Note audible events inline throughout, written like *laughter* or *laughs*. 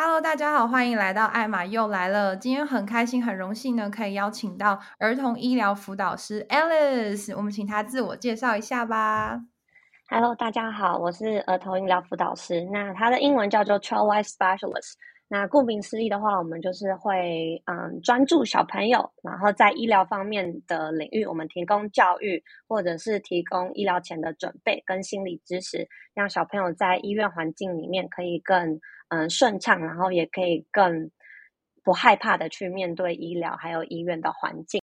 Hello，大家好，歡迎來到艾瑪又來了。今天很開心，很榮幸呢，可以邀請到兒童醫療輔導師 Alice。我們請她自我介紹一下吧。Hello，大家好，我是兒童醫療輔導師，那她的英文叫做 Child Life Specialist。那顧名思義的話，我們就是會嗯專注小朋友，然後在醫療方面的領域，我們提供教育或者是提供醫療前的準備跟心理支持，讓小朋友在醫院環境裡面可以更嗯順暢，然後也可以更不害怕的去面對醫療還有醫院的環境。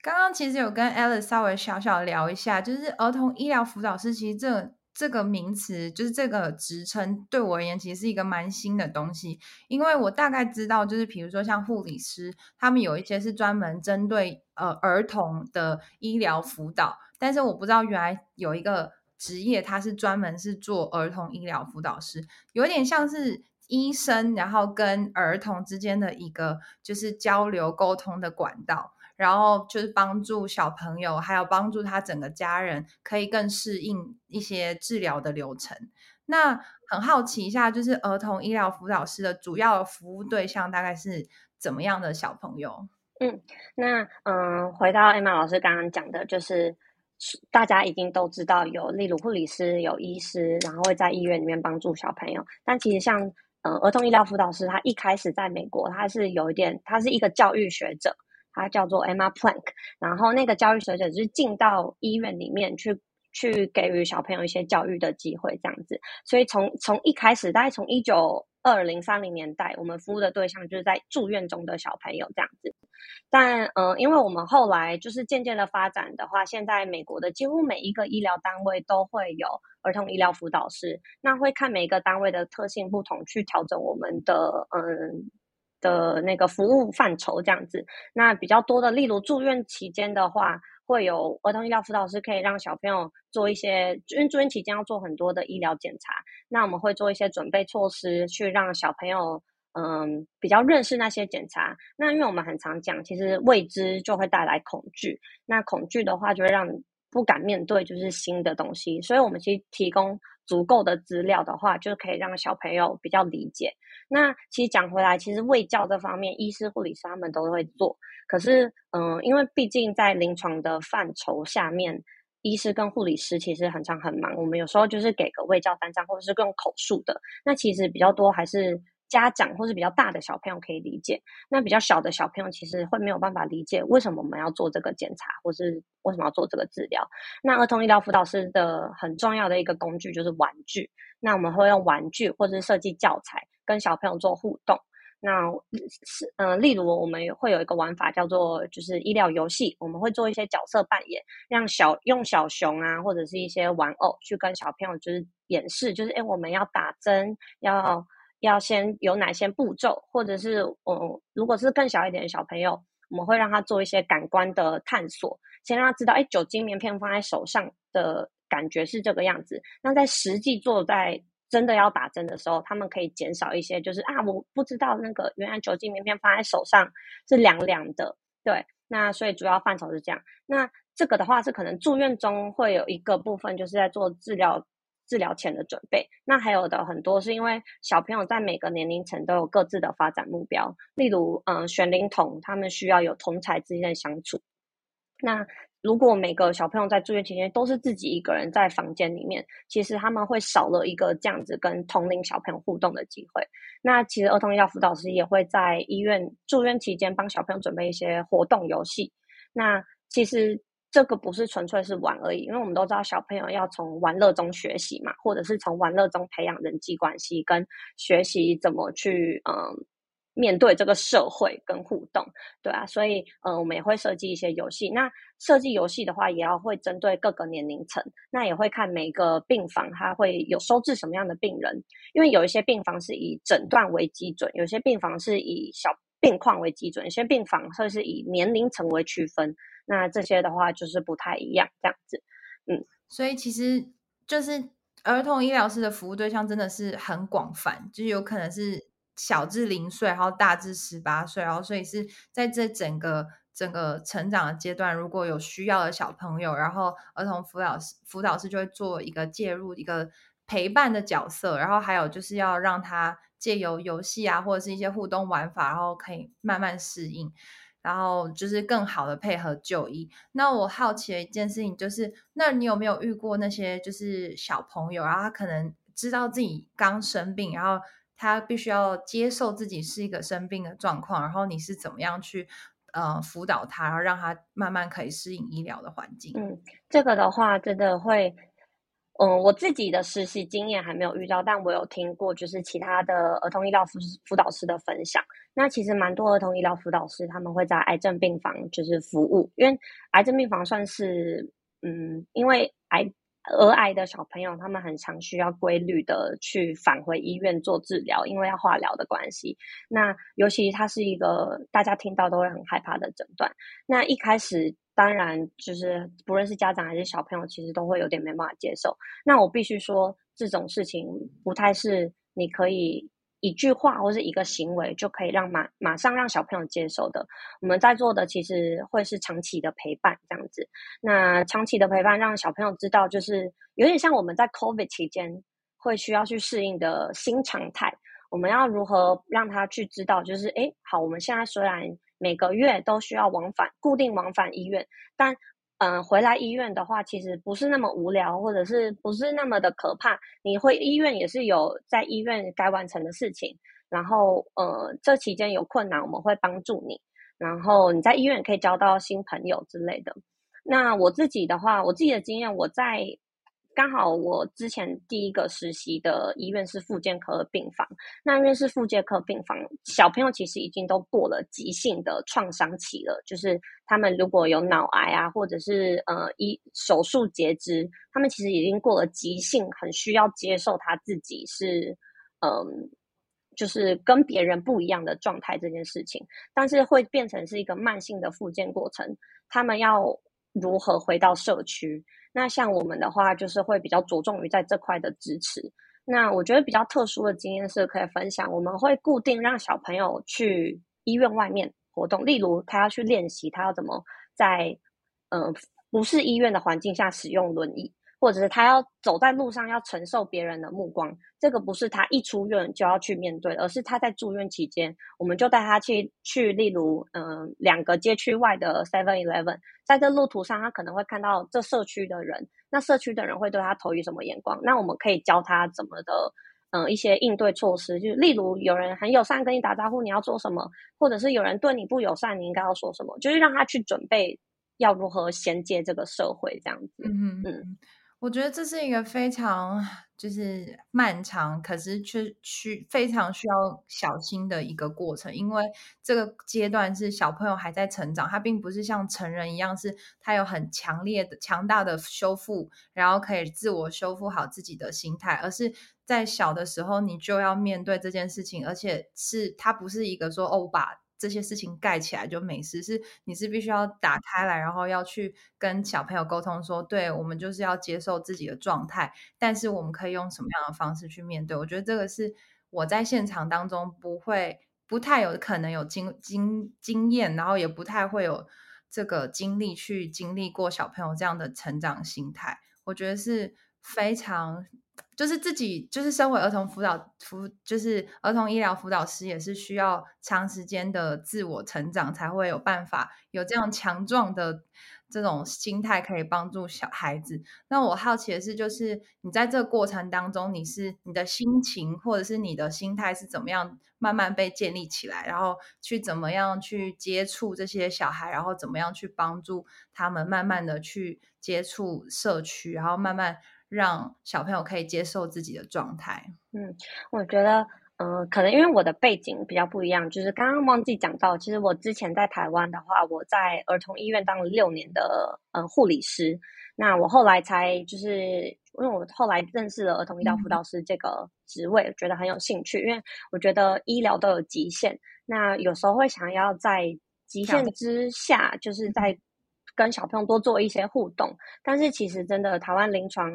剛剛其實有跟 Alice 稍微小小聊一下，就是兒童醫療輔導師，其實這。這個名詞就是這個職稱對我而言其實是一個蠻新的東西，因為我大概知道，就是比如說像護理師，他們有一些是專門針對呃兒童的醫療輔導，但是我不知道原來有一個職業，它是專門是做兒童醫療輔導師，有點像是醫生，然後跟兒童之間的一個就是交流溝通的管道。然後就是幫助小朋友，還有幫助他整個家人可以更適應一些治療的流程。那很好奇一下，就是兒童醫療輔導師的主要服務對象大概是怎麼樣的小朋友？嗯，那嗯、呃，回到 Emma 老師剛剛講的，就是大家已經都知道有例如護理師、有醫師，然後會在醫院裡面幫助小朋友。但其實像嗯、呃，兒童醫療輔導師，他一開始在美國，他是有一點，他是一個教育學者。他叫做 Emma Plank，然後那個教育學者，就是進到醫院裡面去，去給予小朋友一些教育的機會，這樣子。所以從從一開始，大概從一九二零三零年代，我們服務的對象就是在住院中的小朋友這樣子。但呃因為我們後來就是漸漸的發展的話，現在美國的幾乎每一個醫療單位都會有兒童醫療輔導師，那會看每一個單位的特性不同，去調整我們的嗯。呃的那個服務範疇這樣子，那比較多的，例如住院期間的話，會有兒童醫療輔導師可以讓小朋友做一些，因為住院期間要做很多的醫療檢查，那我們會做一些準備措施去讓小朋友，嗯，比較認識那些檢查。那因為我們很常講，其實未知就會帶來恐懼，那恐懼的話就會讓不敢面對就是新的東西，所以我們其實提供。足夠的資料的話，就可以讓小朋友比較理解。那其實講回來，其實衛教這方面，醫師、護理師他們都會做。可是，嗯、呃，因為畢竟在臨床的範疇下面，醫師跟護理師其實很常很忙。我們有時候就是給個衛教單張，或者是用口述的。那其實比較多還是。家長或是比較大的小朋友可以理解，那比較小的小朋友其實會沒有辦法理解為什麼我們要做這個檢查，或是為什麼要做這個治療。那兒童醫療輔導師的很重要的一個工具就是玩具，那我們會用玩具或是設計教材跟小朋友做互動。那是嗯、呃，例如我們會有一個玩法叫做就是醫療遊戲，我們會做一些角色扮演，讓小用小熊啊或者是一些玩偶去跟小朋友就是演示，就是哎、欸，我們要打針要，要先有哪些步驟，或者是嗯，如果是更小一點的小朋友，我們會讓他做一些感官的探索，先讓他知道，哎，酒精棉片放在手上的感覺是這個樣子。那在實際做在真的要打針的時候，他們可以減少一些，就是啊，我不知道那個原來酒精棉片放在手上是涼涼的。對，那所以主要範疇是這樣。那這個的話是可能住院中會有一個部分，就是在做治療。治療前的準備，那還有的很多是因為小朋友在每個年齡層都有各自的發展目標，例如，嗯、呃，學齡童他們需要有同儕之間的相處。那如果每個小朋友在住院期間都是自己一個人在房間裡面，其實他們會少了一個這樣子跟同齡小朋友互動的機會。那其實兒童醫療輔導師也會在醫院住院期間幫小朋友準備一些活動遊戲。那其實。這個不是純粹是玩而已，因為我們都知道小朋友要從玩樂中學習嘛，或者是從玩樂中培養人際關係跟學習怎麼去嗯、呃、面對這個社會跟互動，對啊，所以嗯、呃、我們也會設計一些遊戲。那設計遊戲的話，也要會針對各個年齡層，那也會看每個病房它會有收治什麼樣的病人，因為有一些病房是以診斷為基準，有些病房是以小病況為基準，有些病房會是以年齡層為區分。那這些的話就是不太一樣，這樣子，嗯，所以其實就是兒童醫療師的服務對象真的是很廣泛，就是有可能是小至零歲，然後大至十八歲，然後所以是在這整個整個成長的階段，如果有需要的小朋友，然後兒童輔導師輔導師就會做一個介入一個陪伴的角色，然後還有就是要讓他借由遊戲啊或者是一些互動玩法，然後可以慢慢適應。然後就是更好的配合就醫。那我好奇的一件事情就是，那你有沒有遇過那些就是小朋友，然後他可能知道自己剛生病，然後他必須要接受自己是一個生病的狀況，然後你是怎麼樣去呃，輔導他，然後讓他慢慢可以適應醫療的環境？嗯，這個的話真的會，嗯、呃，我自己的實習經驗還沒有遇到，但我有聽過就是其他的兒童醫療輔輔導師的分享。嗯那其實蠻多兒童醫療輔導師，他們會在癌症病房就是服務，因為癌症病房算是嗯，因為癌、兒癌的小朋友，他們很常需要規律的去返回醫院做治療，因為要化療的關係。那尤其它是一個大家聽到都會很害怕的診斷。那一開始當然就是不論是家長還是小朋友，其實都會有點沒辦法接受。那我必須說這種事情不太是你可以。一句話或是一個行為，就可以讓馬馬上讓小朋友接受的。我們在做的其實會是長期的陪伴，這樣子。那長期的陪伴，讓小朋友知道，就是有點像我們在 COVID 期間會需要去適應的新常態。我們要如何讓他去知道，就是誒，好，我們現在雖然每個月都需要往返，固定往返醫院，但。嗯，回來醫院的話，其實不是那麼無聊，或者是不是那麼的可怕。你回醫院也是有在醫院該完成的事情，然後呃，這期間有困難我們會幫助你，然後你在醫院可以交到新朋友之類的。那我自己的話，我自己的經驗，我在。剛好我之前第一個實習的醫院是復健科的病房，那醫院是復健科病房，小朋友其實已經都過了急性的創傷期了，就是他們如果有腦癌啊，或者是呃一手術截肢，他們其實已經過了急性，很需要接受他自己是嗯、呃，就是跟別人不一樣的狀態這件事情，但是會變成是一個慢性的復健過程，他們要如何回到社區？那像我們的話，就是會比較着重於在這塊的支持。那我覺得比較特殊的經驗是可以分享，我們會固定讓小朋友去醫院外面活動，例如他要去練習，他要怎麼在嗯、呃、不是醫院的環境下使用輪椅。或者是他要走在路上，要承受別人的目光，這個不是他一出院就要去面對，而是他在住院期間，我們就帶他去去，例如，嗯、呃，兩個街區外的 Seven Eleven，在這路途上，他可能會看到這社區的人，那社區的人會對他投以什麼眼光？那我們可以教他怎麼的，嗯、呃，一些應對措施，就例如有人很友善跟你打招呼，你要做什麼？或者是有人對你不友善，你應該要說什麼？就是讓他去準備要如何銜接這個社會，這樣子。嗯嗯嗯。我覺得這是一個非常就是漫長，可是卻需非常需要小心的一個過程，因為這個階段是小朋友還在成長，他並不是像成人一樣，是他有很強烈的、強大的修復，然後可以自我修復好自己的心態，而是在小的時候你就要面對這件事情，而且是他不是一個說哦把。這些事情蓋起來就沒事，是你是必須要打開來，然後要去跟小朋友溝通，說，對，我們就是要接受自己的狀態，但是我們可以用什麼樣的方式去面對？我覺得這個是我在現場當中不會不太有可能有經經經驗，然後也不太會有這個經歷去經歷過小朋友這樣的成長心態，我覺得是非常。就是自己，就是身為兒童輔導輔，就是兒童醫療輔導師，也是需要長時間的自我成長，才會有辦法有這樣強壯的這種心態，可以幫助小孩子。那我好奇的是，就是你在這個過程當中，你是你的心情或者是你的心態是怎麼樣慢慢被建立起來，然後去怎麼樣去接觸這些小孩，然後怎麼樣去幫助他們，慢慢的去接觸社區，然後慢慢。讓小朋友可以接受自己的狀態。嗯，我覺得，嗯、呃，可能因為我的背景比較不一樣，就是剛剛忘記講到，其實我之前在台灣的話，我在兒童醫院當了六年的，嗯、呃，護理師。那我後來才就是，因為我後來認識了兒童醫療輔導師這個職位，嗯，覺得很有興趣，因為我覺得醫療都有極限，那有時候會想要在極限之下，就是在跟小朋友多做一些互動。但是其實真的台灣臨床。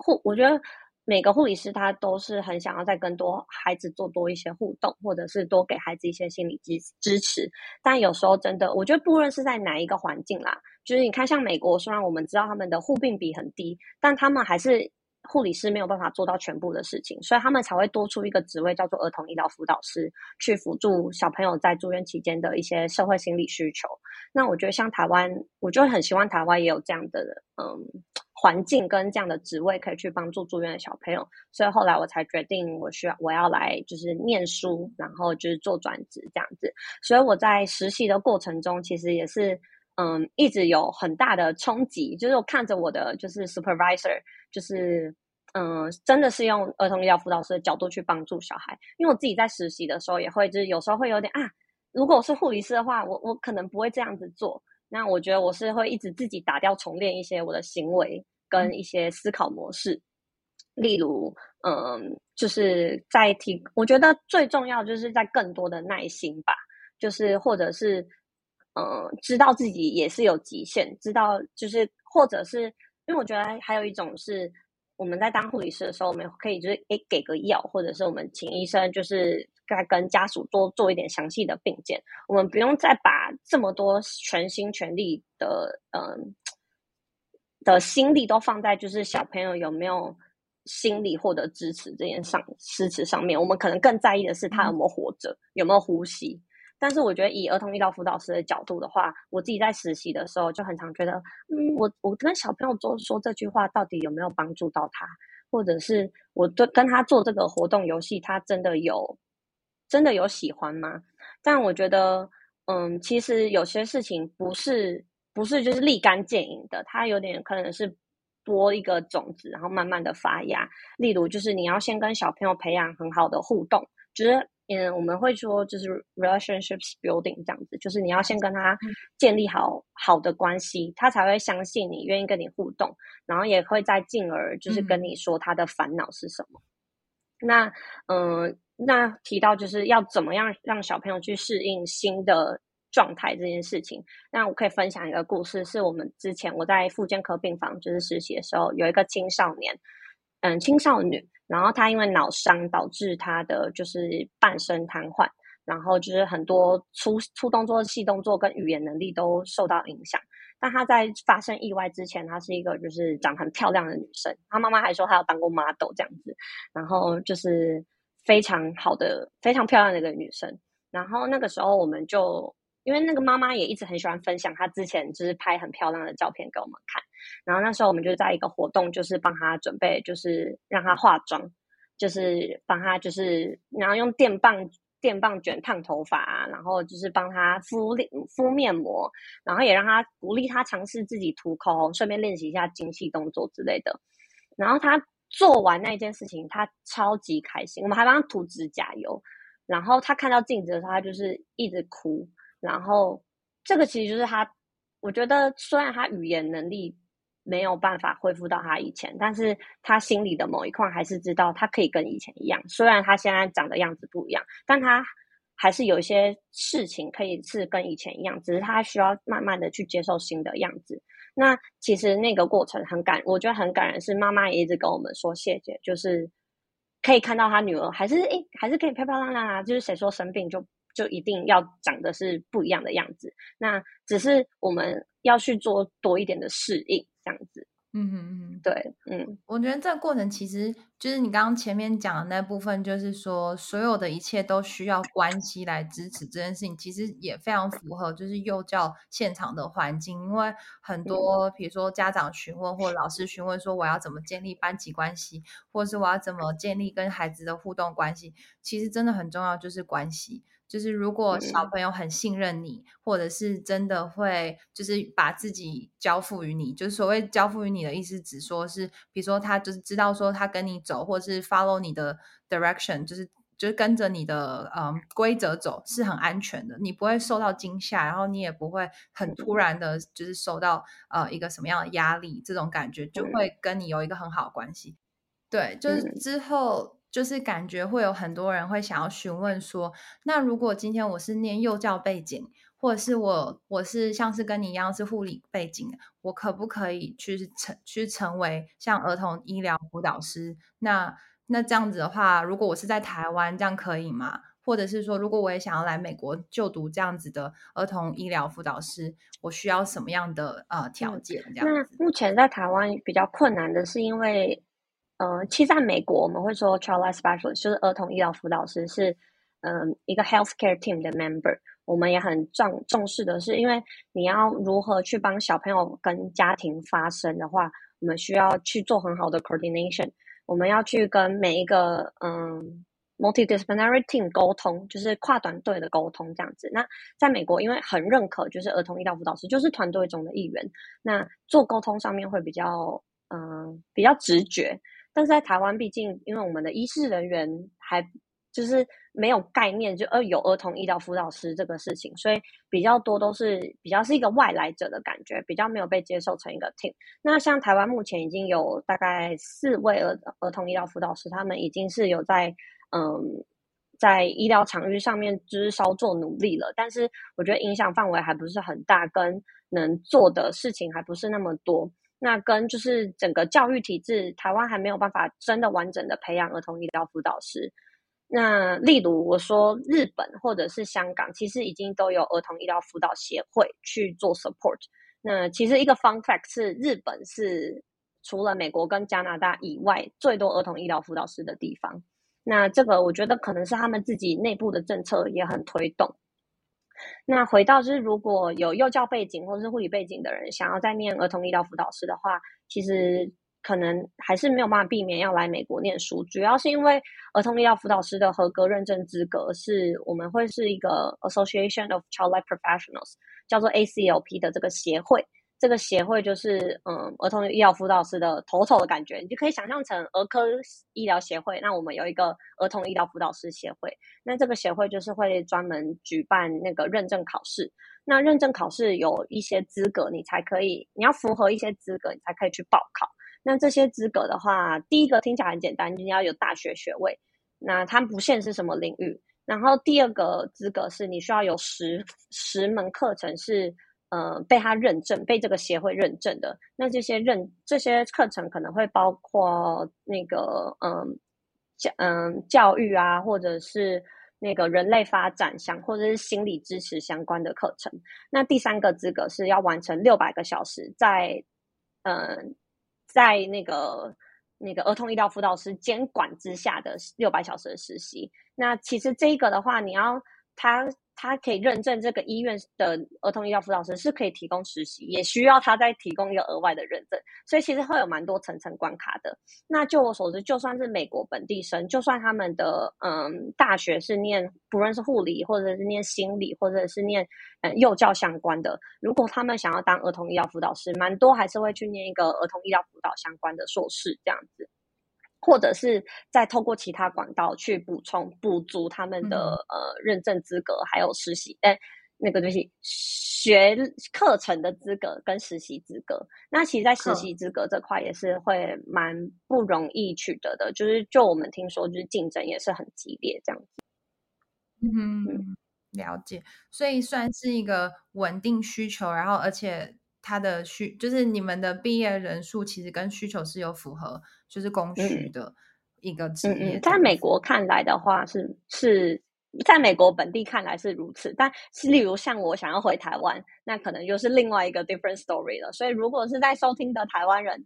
護，我覺得每個護理師他都是很想要再跟多孩子做多一些互動，或者是多給孩子一些心理支支持。但有時候真的，我覺得不論是在哪一個環境啦，就是你看像美國，雖然我們知道他們的護病比很低，但他們還是護理師沒有辦法做到全部的事情，所以他們才會多出一個職位叫做兒童醫療輔導師，去輔助小朋友在住院期間的一些社會心理需求。那我覺得像台灣，我就很希望台灣也有這樣的，嗯。環境跟這樣的職位可以去幫助住院的小朋友，所以後來我才決定我需要我要來就是念書，然後就是做轉職這樣子。所以我在實習的過程中，其實也是嗯一直有很大的衝擊，就是我看着我的就是 supervisor，就是嗯真的是用兒童醫療輔導師的角度去幫助小孩，因為我自己在實習的時候也會就是有時候會有點啊，如果我是護理師的話，我我可能不會這樣子做。那我覺得我是會一直自己打掉重練一些我的行為跟一些思考模式，例如，嗯，就是在提，我覺得最重要就是在更多的耐心吧，就是或者是，嗯，知道自己也是有極限，知道就是或者是，因為我覺得還有一種是。我們在當護理師的時候，我們可以就是誒給，給個藥，或者是我們請醫生，就是該跟家屬多做，做一點詳細的病檢。我們不用再把這麼多全心全力的嗯的心力都放在就是小朋友有沒有心理獲得支持這件事上支持上面。我們可能更在意的是他有沒有活着，有沒有呼吸。但是我覺得，以兒童醫療輔導師的角度的話，我自己在實習的時候就很常覺得，嗯，我我跟小朋友說說這句話，到底有沒有幫助到他？或者是我對跟他做這個活動遊戲，他真的有真的有喜歡嗎？但我覺得，嗯，其實有些事情不是不是就是立竿見影的，它有點可能是播一個種子，然後慢慢的發芽。例如，就是你要先跟小朋友培養很好的互動，就是。嗯，我們會說就是 relationships building 這樣子，就是你要先跟他建立好好的關係，嗯、他才會相信你，願意跟你互動，然後也會再進而就是跟你說他的煩惱是什麼。嗯，那嗯、呃，那提到就是要怎麼樣讓小朋友去適應新的狀態這件事情，那我可以分享一個故事，是我們之前我在婦健科病房就是實習的時候，有一個青少年。嗯，青少女，然後她因為腦傷導致她的就是半身癱瘓，然後就是很多粗粗動作、細動作跟語言能力都受到影響。但她在發生意外之前，她是一個就是長很漂亮的女生，她媽媽還說她要當過 model 這樣子，然後就是非常好的、非常漂亮的一個女生。然後那個時候我們就。因為那個媽媽也一直很喜歡分享她之前就是拍很漂亮的照片給我們看，然後那時候我們就在一個活動，就是幫她準備，就是讓她化妝，就是幫她就是然後用電棒電棒卷燙頭髮，然後就是幫她敷敷面膜，然後也讓她鼓勵她嘗試自己塗口紅，順便練習一下精細動作之類的。然後她做完那件事情，她超級開心。我們還幫她塗指甲油，然後她看到鏡子的時候，她就是一直哭。然後，這個其實就是他。我覺得雖然他語言能力沒有辦法恢復到他以前，但是他心裡的某一塊還是知道他可以跟以前一樣。雖然他現在長的樣子不一樣，但他還是有一些事情可以是跟以前一樣。只是他需要慢慢的去接受新的樣子。那其實那個過程很感，我覺得很感人。是媽媽也一直跟我們說，謝謝，就是可以看到他女兒還是誒，還是可以漂漂亮亮啊。就是誰說生病就。就一定要長得是不一樣的樣子。那只是我們要去做多一點的適應，這樣子。嗯嗯嗯，對，嗯，我覺得這個過程其實就是你剛剛前面講的那部分，就是說所有的一切都需要關係來支持這件事情，其實也非常符合就是幼教現場的環境，因為很多、嗯、比如說家長詢問或者老師詢問說我要怎麼建立班級關係，或者是我要怎麼建立跟孩子的互動關係，其實真的很重要，就是關係。就是如果小朋友很信任你、嗯，或者是真的會就是把自己交付於你，就是所謂交付於你的意思，只說是比如說他就是知道說他跟你走，或者是 follow 你的 direction，就是就是跟着你的嗯規則走，是很安全的，你不會受到驚嚇，然後你也不會很突然的，就是受到呃一個什麼樣的壓力，這種感覺就會跟你有一個很好的關係。嗯、對，就是之後。就是感覺會有很多人會想要詢問說，那如果今天我是念幼教背景，或者是我我是像是跟你一樣是護理背景，我可不可以去成去成為像兒童醫療輔導師？那那這樣子的話，如果我是在台灣，這樣可以嗎？或者是說，如果我也想要來美國就讀這樣子的兒童醫療輔導師，我需要什麼樣的呃條件？這樣，嗯，那目前在台灣比較困難的是因為。嗯、呃，其實在美國，我們會說 Child Life Specialist 就是兒童醫療輔導師是，嗯、呃，一個 health care team 的 member。我們也很重重視的是，因為你要如何去幫小朋友跟家庭發聲的話，我們需要去做很好的 coordination。我們要去跟每一個嗯、呃、multidisciplinary team 溝通，就是跨團隊的溝通這樣子。那在美國，因為很認可，就是兒童醫療輔導師就是團隊中的一員。那做溝通上面會比較嗯、呃、比較直覺。但是在台灣，畢竟因為我們的醫事人員還就是沒有概念，就呃有兒童醫療輔導師這個事情，所以比較多都是比較是一個外來者的感覺，比較沒有被接受成一個 team。那像台灣目前已經有大概四位兒兒童醫療輔導師，他們已經是有在嗯、呃、在醫療場域上面就是稍作努力了，但是我覺得影響範圍還不是很大，跟能做的事情還不是那麼多。那跟就是整個教育體制，台灣還沒有辦法真的完整的培養兒童醫療輔導師。那例如我說日本或者是香港，其實已經都有兒童醫療輔導協會去做 support。那其實一個 fun fact 是日本是除了美國跟加拿大以外，最多兒童醫療輔導師的地方。那這個我覺得可能是他們自己內部的政策也很推動。那回到就是，如果有幼教背景或者是護理背景的人，想要再念兒童醫療輔導師的話，其實可能還是沒有辦法避免要來美國念書。主要是因為兒童醫療輔導師的合格認證資格是我們會是一個 Association of Child Life Professionals，叫做 ACLP 的這個協會。這個協會就是，嗯，兒童醫療輔導師的頭頭的感覺，你就可以想象成兒科醫療協會。那我們有一個兒童醫療輔導師協會，那這個協會就是會專門舉辦那個認證考試。那認證考試有一些資格，你才可以，你要符合一些資格，你才可以去報考。那這些資格的話，第一個聽起來很簡單，你要有大學學位。那它不限是什麼領域。然後第二個資格是你需要有十十門課程是。嗯、呃，被他認證，被這個協會認證的。那這些認，這些課程可能會包括那個嗯、呃、教嗯、呃、教育啊，或者是那個人類發展相，或者是心理支持相關的課程。那第三個資格是要完成六百個小時在，在、呃、嗯在那個那個兒童醫療輔導師監管之下的六百小時的實習。那其實這個的話，你要他。他可以認證這個醫院的兒童醫療輔導師是可以提供實習，也需要他再提供一個額外的認證，所以其實會有蠻多層層關卡的。那就我所知，就算是美國本地生，就算他們的嗯大學是念不論是護理或者是念心理或者是念嗯幼教相關的，如果他們想要當兒童醫療輔導師，蠻多還是會去念一個兒童醫療輔導相關的碩士這樣子。或者是再透過其他管道去補充、補足他們的、嗯、呃認證資格，還有實習哎、欸，那個就是學課程的資格跟實習資格。那其實，在實習資格這塊也是會蠻不容易取得的，就是就我們聽說，就是競爭也是很激烈這樣子嗯哼。嗯，了解，所以算是一個穩定需求，然後而且。他的需就是你們的畢業人數，其實跟需求是有符合，就是供需的一個職業、嗯嗯嗯嗯。在美國看來的話是，是是在美國本地看來是如此，但是例如像我想要回台灣，那可能又是另外一個 different story 了。所以，如果是在收聽的台灣人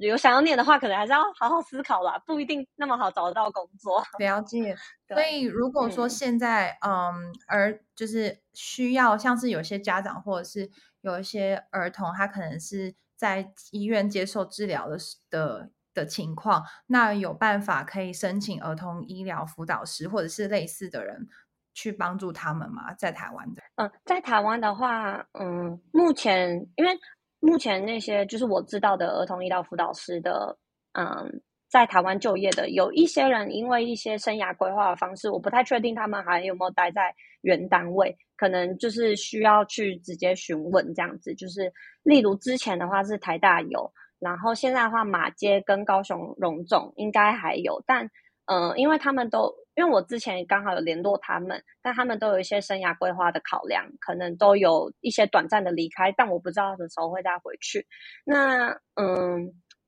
有想要念的話，可能還是要好好思考吧，不一定那麼好找得到工作。了解。 *laughs* 所以，如果說現在嗯，嗯，而就是需要像是有些家長或者是。有一些兒童，他可能是在醫院接受治療的的的情況，那有辦法可以申請兒童醫療輔導師或者是類似的人去幫助他們嗎？在台灣的。嗯，在台灣的話，嗯，目前，因為目前那些就是我知道的兒童醫療輔導師的，嗯。在台灣就業的有一些人，因為一些生涯規劃的方式，我不太確定他們還有沒有待在原單位，可能就是需要去直接詢問這樣子。就是例如之前的話是台大有，然後現在的話馬偕跟高雄榮總應該還有，但嗯、呃，因為他們都因為我之前剛好有聯絡他們，但他們都有一些生涯規劃的考量，可能都有一些短暫的離開，但我不知道什麼時候會再回去。那嗯。呃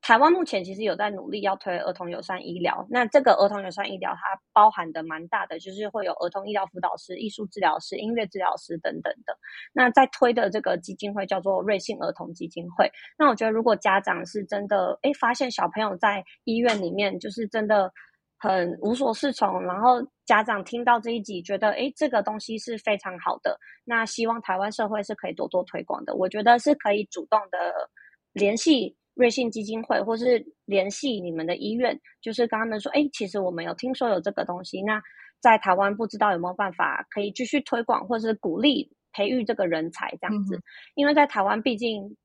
台灣目前其實有在努力要推兒童友善醫療，那這個兒童友善醫療它包含的蠻大的，就是會有兒童醫療輔導師、藝術治療師、音樂治療師等等的。那在推的這個基金會叫做瑞信兒童基金會。那我覺得如果家長是真的，誒、欸、發現小朋友在醫院裡面就是真的很無所適從，然後家長聽到這一集覺得，誒、欸、這個東西是非常好的，那希望台灣社會是可以多多推廣的。我覺得是可以主動的聯繫。瑞信基金會，或是聯繫你們的醫院，就是跟他們說：“哎，其實我們有聽說有這個東西，那在台灣不知道有沒有辦法可以繼續推廣，或是鼓勵培育這個人才這樣子。嗯、因為在台灣，畢竟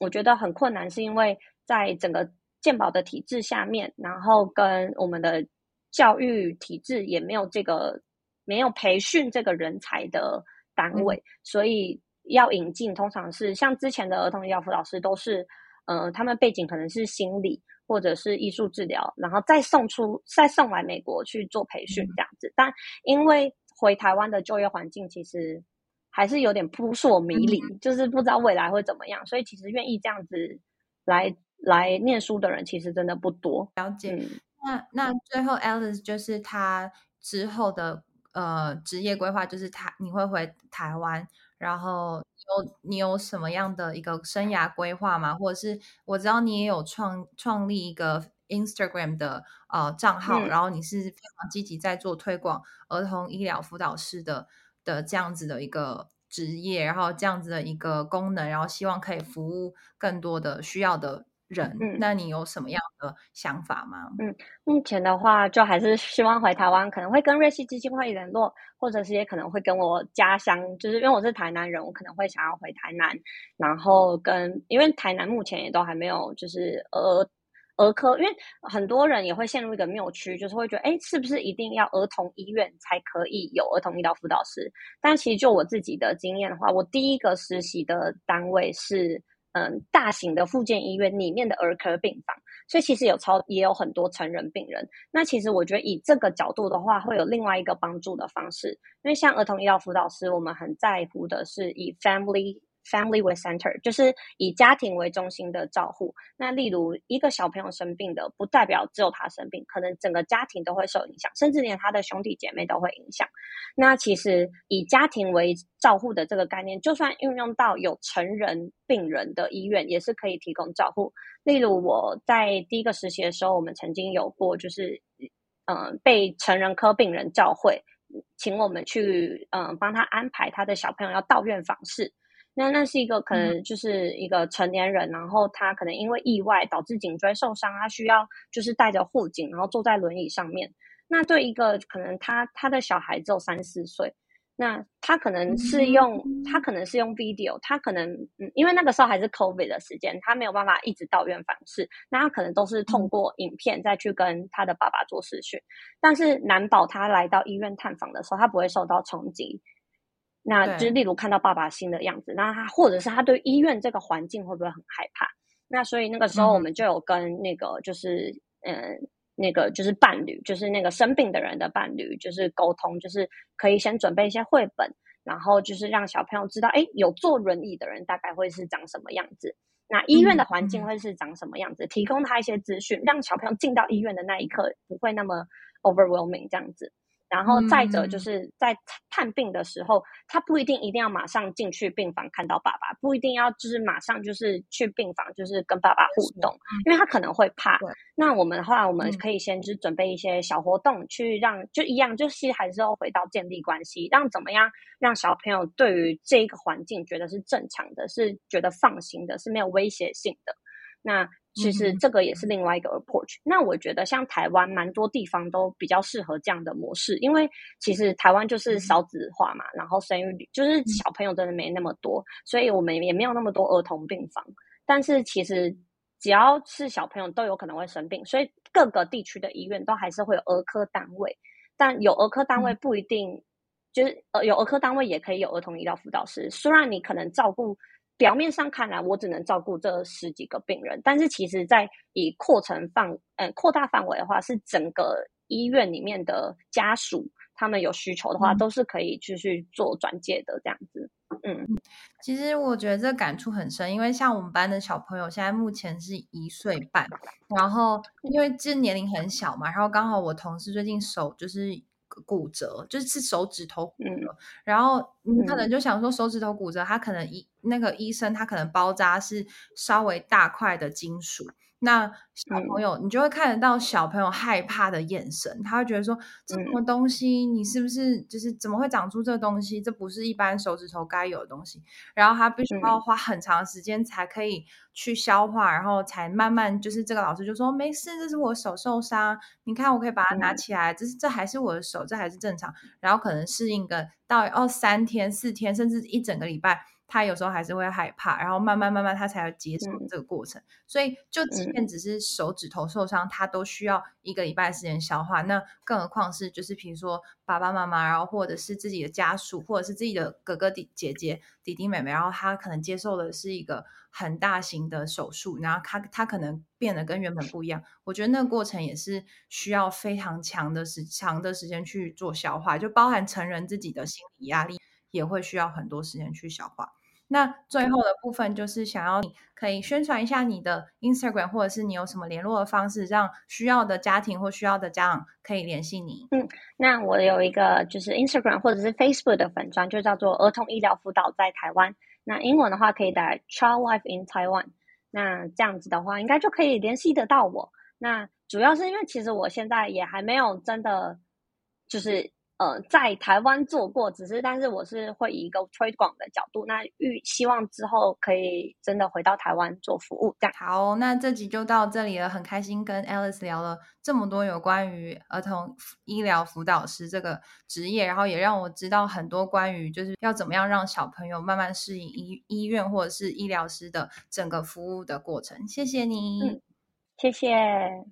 我覺得很困難，是因為在整個健保的體制下面，然後跟我們的教育體制也沒有這個沒有培訓這個人才的單位，嗯、所以要引進，通常是像之前的兒童醫療輔導師都是。”呃，他們背景可能是心理或者是藝術治療，然後再送出再送來美國去做培訓這樣子，嗯。但因為回台灣的就業環境其實還是有點撲朔迷離，嗯、就是不知道未來會怎麼樣，所以其實願意這樣子來來念書的人其實真的不多。了解。嗯、那那最後，Alice 就是他之後的呃職業規劃，就是他你會回台灣，然後。有你有什麼樣的一個生涯規劃嗎？或者是我知道你也有創創立一個 Instagram 的呃賬號，嗯，然後你是非常積極在做推廣兒童醫療輔導師的的這樣子的一個職業，然後這樣子的一個功能，然後希望可以服務更多的需要的。人，那你有什麼樣的想法嗎？嗯，目前的話，就還是希望回台灣，可能會跟瑞西基金會聯絡，或者是也可能會跟我家鄉，就是因為我是台南人，我可能會想要回台南，然後跟，因為台南目前也都還沒有，就是兒兒科，因為很多人也會陷入一個謬區，就是會覺得，哎，是不是一定要兒童醫院才可以有兒童醫療輔導師？但其實就我自己的經驗的話，我第一個實習的單位是。嗯，大型的附件醫院裡面的兒科病房，所以其實有超也有很多成人病人。那其實我覺得以這個角度的話，會有另外一個幫助的方式，因為像兒童醫療輔導師，我們很在乎的是以 family。Family with center，就是以家庭為中心的照護。那例如一個小朋友生病的，不代表只有他生病，可能整個家庭都會受影響，甚至連他的兄弟姐妹都會影響。那其實以家庭為照護的這個概念，就算運用到有成人病人的醫院，也是可以提供照護。例如我在第一個實習的時候，我們曾經有過，就是嗯、呃，被成人科病人照會，請我們去嗯、呃、幫他安排他的小朋友要到院訪視。那那是一個可能就是一個成年人、嗯，然後他可能因為意外導致頸椎受傷，他需要就是帶着護頸，然後坐在輪椅上面。那對一個可能他他的小孩只有三四歲，那他可能是用、嗯、他可能是用 video，他可能嗯，因為那個時候還是 COVID 的時間，他沒有辦法一直到院訪視，那他可能都是通過影片再去跟他的爸爸做視訊、嗯，但是難保他來到醫院探訪的時候，他不會受到衝擊。那就是例如看到爸爸新的樣子，那他或者是他對醫院這個環境會不會很害怕？那所以那個時候我們就有跟那個就是、呃、嗯那個就是伴侶，就是那個生病的人的伴侶，就是溝通，就是可以先準備一些繪本，然後就是讓小朋友知道，哎，有坐輪椅的人大概會是長什麼樣子，那醫院的環境會是長什麼樣子，嗯、提供他一些資訊，讓小朋友進到醫院的那一刻不會那麼 overwhelming 這樣子。然後再者就是在探病的時候，嗯、他不一定一定要馬上進去病房看到爸爸，不一定要就是馬上就是去病房就是跟爸爸互動，嗯、因為他可能會怕。那我們的話，我們可以先就是準備一些小活動去讓，嗯、就一樣就是還是要回到建立關係，讓怎麼樣讓小朋友對於這個環境覺得是正常的，是覺得放心的，是沒有威脅性的。那。其實這個也是另外一個、er、approach、嗯。那我覺得像台灣蠻多地方都比較適合這樣的模式，因為其實台灣就是少子化嘛，嗯、然後生育率，就是小朋友真的沒那麼多、嗯，所以我們也沒有那麼多兒童病房。但是其實只要是小朋友都有可能會生病，所以各個地區的醫院都還是會有兒科單位。但有兒科單位不一定、嗯、就是有兒科單位也可以有兒童醫療輔導師，雖然你可能照顧。表面上看來，我只能照顧這十幾個病人，但是其實，在以擴程範呃、嗯、擴大範圍的話，是整個醫院裡面的家屬，他們有需求的話，都是可以去去做轉介的這樣子嗯。嗯，其實我覺得這感觸很深，因為像我們班的小朋友現在目前是一歲半，然後因為這年齡很小嘛，然後剛好我同事最近手就是。骨折，就是是手指頭骨折，嗯、然後你、嗯、可能就想說手指頭骨折，他可能醫、嗯、那個醫生他可能包紮是稍微大塊的金屬。那小朋友，你就會看得到小朋友害怕的眼神，嗯、他會覺得說，這什麼東西？你是不是就是怎麼會長出這個東西，嗯？這不是一般手指頭該有的東西。然後他必須要花很長時間才可以去消化，嗯、然後才慢慢就是這個老師就說，沒事，這是我手受傷，你看我可以把它拿起來，嗯、這是這還是我的手，這還是正常。然後可能適應個到二三天，哦，四天，甚至一整個禮拜。他有時候還是會害怕，然後慢慢慢慢他才要接受這個過程、嗯。所以就即便只是手指頭受傷，嗯、他都需要一個禮拜時間消化。那更何況是就是比如說爸爸媽媽，然後或者是自己的家屬，或者是自己的哥哥弟、弟姐姐、弟弟妹妹，然後他可能接受的是一個很大型的手術，然後他他可能變得跟原本不一樣。我覺得那個過程也是需要非常強的時長的時間去做消化，就包含成人自己的心理壓力。也會需要很多時間去消化。那最後的部分就是想要你可以宣傳一下你的 Instagram，或者是你有什麼聯絡的方式，讓需要的家庭或需要的家長可以聯繫你。嗯，那我有一個就是 Instagram 或者是 Facebook 的粉專，就叫做兒童醫療輔導在台灣。那英文的話可以打 Child Life in Taiwan。那這樣子的話，應該就可以聯繫得到我。那主要是因為其實我現在也還沒有真的就是。呃，在台灣做過，只是但是我是會以一個推廣的角度，那預希望之後可以真的回到台灣做服務，這樣。好，那這集就到這裡了，很開心跟 Alice 聊了這麼多有關於兒童醫療輔導師這個職業，然後也讓我知道很多關於就是要怎麼樣讓小朋友慢慢適應醫醫院或者是醫療師的整個服務的過程。謝謝你，嗯，謝謝。